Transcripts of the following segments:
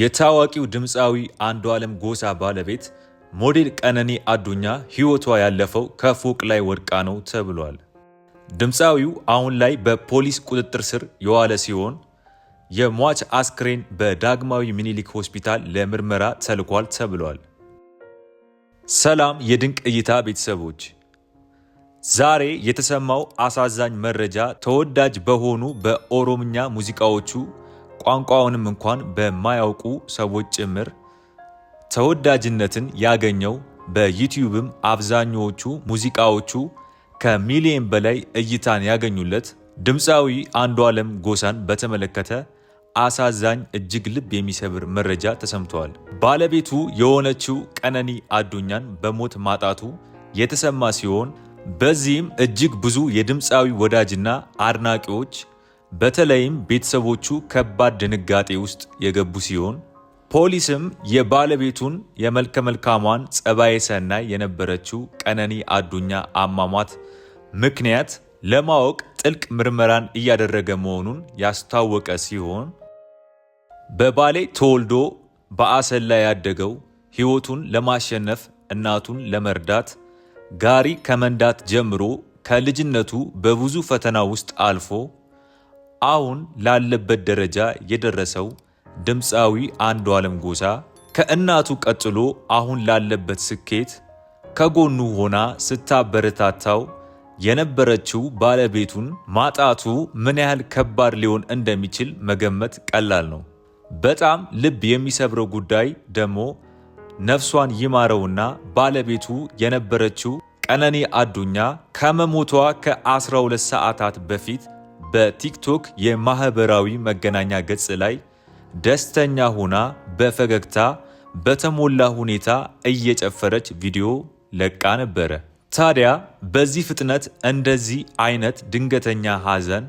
የታዋቂው ድምፃዊ አንዷለም ጎሳ ባለቤት ሞዴል ቀነኒ አዱኛ ሕይወቷ ያለፈው ከፎቅ ላይ ወድቃ ነው ተብሏል። ድምፃዊው አሁን ላይ በፖሊስ ቁጥጥር ስር የዋለ ሲሆን የሟች አስክሬን በዳግማዊ ምኒልክ ሆስፒታል ለምርመራ ተልኳል ተብሏል። ሰላም የድንቅ እይታ ቤተሰቦች፣ ዛሬ የተሰማው አሳዛኝ መረጃ ተወዳጅ በሆኑ በኦሮምኛ ሙዚቃዎቹ ቋንቋውንም እንኳን በማያውቁ ሰዎች ጭምር ተወዳጅነትን ያገኘው በዩቲዩብም አብዛኛዎቹ ሙዚቃዎቹ ከሚሊየን በላይ እይታን ያገኙለት ድምፃዊ አንዷለም ጎሳን በተመለከተ አሳዛኝ እጅግ ልብ የሚሰብር መረጃ ተሰምተዋል። ባለቤቱ የሆነችው ቀነኒ አዱኛን በሞት ማጣቱ የተሰማ ሲሆን በዚህም እጅግ ብዙ የድምፃዊ ወዳጅና አድናቂዎች በተለይም ቤተሰቦቹ ከባድ ድንጋጤ ውስጥ የገቡ ሲሆን ፖሊስም የባለቤቱን የመልከ መልካሟን ጸባየ ሰናይ የነበረችው ቀነኒ አዱኛ አሟሟት ምክንያት ለማወቅ ጥልቅ ምርመራን እያደረገ መሆኑን ያስታወቀ ሲሆን በባሌ ተወልዶ በአሰላ ያደገው ሕይወቱን ለማሸነፍ እናቱን ለመርዳት ጋሪ ከመንዳት ጀምሮ ከልጅነቱ በብዙ ፈተና ውስጥ አልፎ አሁን ላለበት ደረጃ የደረሰው ድምፃዊ አንዷለም ጎሳ ከእናቱ ቀጥሎ አሁን ላለበት ስኬት ከጎኑ ሆና ስታበረታታው የነበረችው ባለቤቱን ማጣቱ ምን ያህል ከባድ ሊሆን እንደሚችል መገመት ቀላል ነው። በጣም ልብ የሚሰብረው ጉዳይ ደግሞ ነፍሷን ይማረውና ባለቤቱ የነበረችው ቀነኔ አዱኛ ከመሞቷ ከ12 ሰዓታት በፊት በቲክቶክ የማህበራዊ መገናኛ ገጽ ላይ ደስተኛ ሆና በፈገግታ በተሞላ ሁኔታ እየጨፈረች ቪዲዮ ለቃ ነበረ። ታዲያ በዚህ ፍጥነት እንደዚህ አይነት ድንገተኛ ሐዘን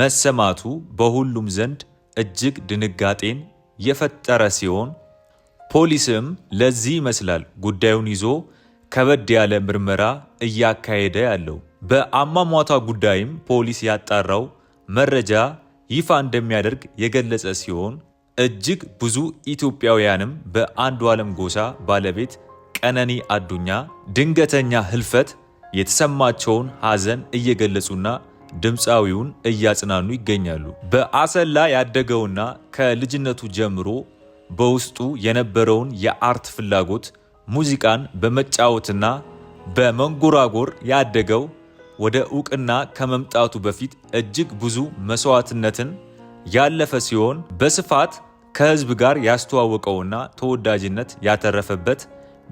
መሰማቱ በሁሉም ዘንድ እጅግ ድንጋጤን የፈጠረ ሲሆን ፖሊስም ለዚህ ይመስላል ጉዳዩን ይዞ ከበድ ያለ ምርመራ እያካሄደ ያለው። በአሟሟቷ ጉዳይም ፖሊስ ያጣራው መረጃ ይፋ እንደሚያደርግ የገለጸ ሲሆን እጅግ ብዙ ኢትዮጵያውያንም ዓለም ጎሳ ባለቤት ቀነኒ አዱኛ ድንገተኛ ህልፈት የተሰማቸውን ሐዘን እየገለጹና ድምፃዊውን እያጽናኑ ይገኛሉ። በአሰላ ያደገውና ከልጅነቱ ጀምሮ በውስጡ የነበረውን የአርት ፍላጎት ሙዚቃን በመጫወትና በመንጎራጎር ያደገው ወደ ዕውቅና ከመምጣቱ በፊት እጅግ ብዙ መስዋዕትነትን ያለፈ ሲሆን በስፋት ከህዝብ ጋር ያስተዋወቀውና ተወዳጅነት ያተረፈበት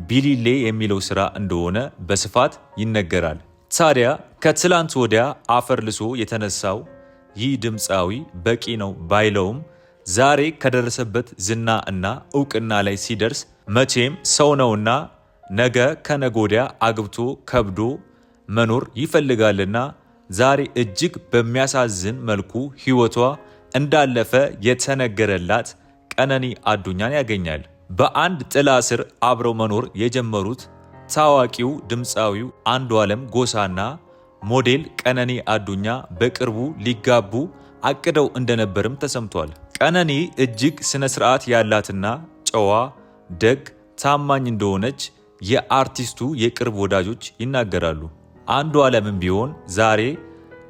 ቢሊሌ የሚለው ሥራ እንደሆነ በስፋት ይነገራል። ታዲያ ከትላንት ወዲያ አፈር ልሶ የተነሳው ይህ ድምፃዊ በቂ ነው ባይለውም ዛሬ ከደረሰበት ዝና እና እውቅና ላይ ሲደርስ መቼም ሰው ነውና ነገ ከነጎዲያ አግብቶ ከብዶ መኖር ይፈልጋልና ዛሬ እጅግ በሚያሳዝን መልኩ ሕይወቷ እንዳለፈ የተነገረላት ቀነኒ አዱኛን ያገኛል። በአንድ ጥላ ስር አብረው መኖር የጀመሩት ታዋቂው ድምፃዊው ዓለም ጎሳና ሞዴል ቀነኒ አዱኛ በቅርቡ ሊጋቡ አቅደው እንደነበርም ተሰምቷል። ቀነኒ እጅግ ስነ ስርዓት ያላትና ጨዋ፣ ደግ፣ ታማኝ እንደሆነች የአርቲስቱ የቅርብ ወዳጆች ይናገራሉ። አንዱ ዓለምም ቢሆን ዛሬ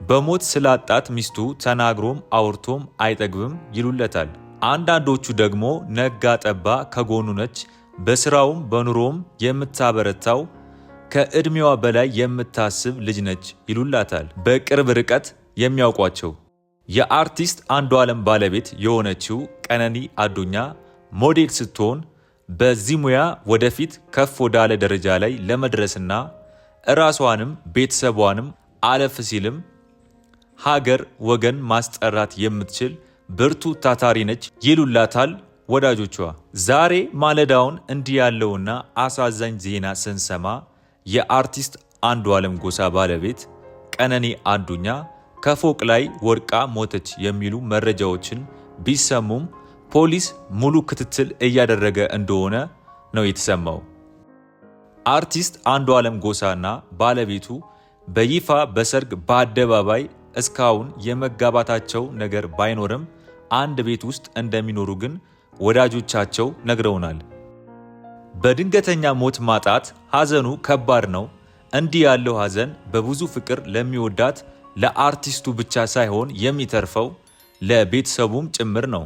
በሞት ስላጣት ሚስቱ ተናግሮም አውርቶም አይጠግብም ይሉለታል። አንዳንዶቹ ደግሞ ነጋ ጠባ ከጎኑ ነች፣ በስራውም በኑሮም የምታበረታው ከዕድሜዋ በላይ የምታስብ ልጅ ነች ይሉላታል። በቅርብ ርቀት የሚያውቋቸው የአርቲስት አንዱ ዓለም ባለቤት የሆነችው ቀነኒ አዱኛ ሞዴል ስትሆን በዚህ ሙያ ወደፊት ከፍ ወዳለ ደረጃ ላይ ለመድረስና እራሷንም ቤተሰቧንም አለፍ ሲልም ሀገር ወገን ማስጠራት የምትችል ብርቱ ታታሪ ነች ይሉላታል ወዳጆቿ። ዛሬ ማለዳውን እንዲህ ያለውና አሳዛኝ ዜና ስንሰማ የአርቲስት አንዱዓለም ጎሳ ባለቤት ቀነኔ አዱኛ ከፎቅ ላይ ወድቃ ሞተች የሚሉ መረጃዎችን ቢሰሙም ፖሊስ ሙሉ ክትትል እያደረገ እንደሆነ ነው የተሰማው። አርቲስት አንዱ ዓለም ጎሳና ባለቤቱ በይፋ በሰርግ በአደባባይ እስካሁን የመጋባታቸው ነገር ባይኖርም አንድ ቤት ውስጥ እንደሚኖሩ ግን ወዳጆቻቸው ነግረውናል። በድንገተኛ ሞት ማጣት ሐዘኑ ከባድ ነው። እንዲህ ያለው ሐዘን በብዙ ፍቅር ለሚወዳት ለአርቲስቱ ብቻ ሳይሆን የሚተርፈው ለቤተሰቡም ጭምር ነው።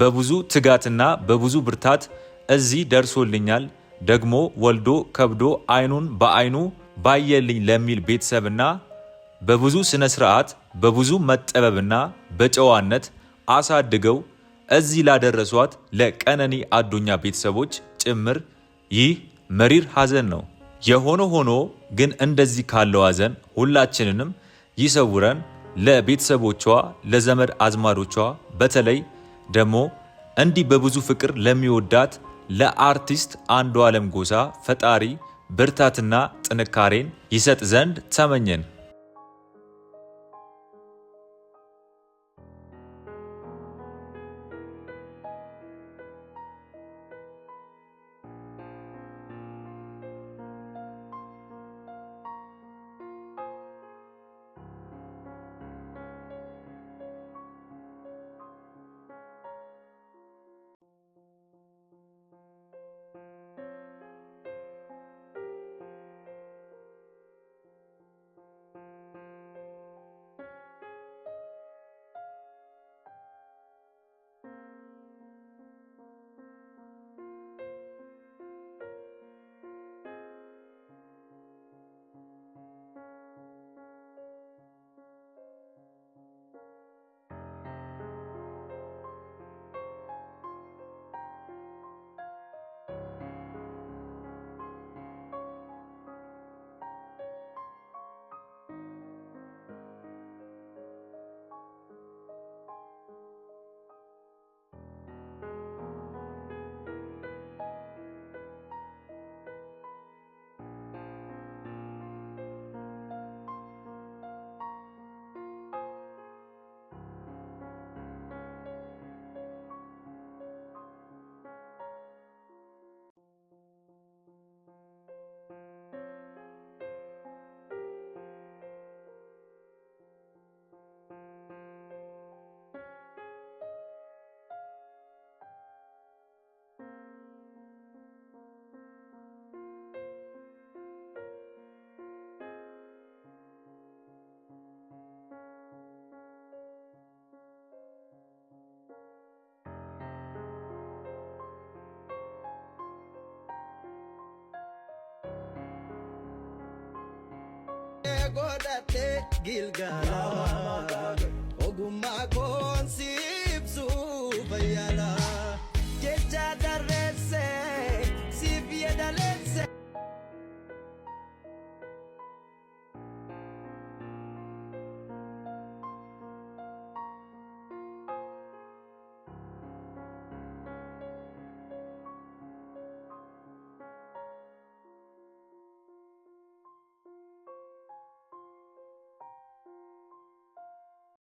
በብዙ ትጋትና በብዙ ብርታት እዚህ ደርሶልኛል ደግሞ ወልዶ ከብዶ አይኑን በአይኑ ባየልኝ ለሚል ቤተሰብና በብዙ ስነ ስርዓት በብዙ መጠበብና በጨዋነት አሳድገው እዚህ ላደረሷት ለቀነኒ አዱኛ ቤተሰቦች ጭምር ይህ መሪር ሐዘን ነው። የሆነ ሆኖ ግን እንደዚህ ካለው ሐዘን ሁላችንንም ይሰውረን። ለቤተሰቦቿ፣ ለዘመድ አዝማዶቿ በተለይ ደግሞ እንዲህ በብዙ ፍቅር ለሚወዳት ለአርቲስት አንዱ ዓለም ጎሳ ፈጣሪ ብርታትና ጥንካሬን ይሰጥ ዘንድ ተመኘን። that la Gilgala.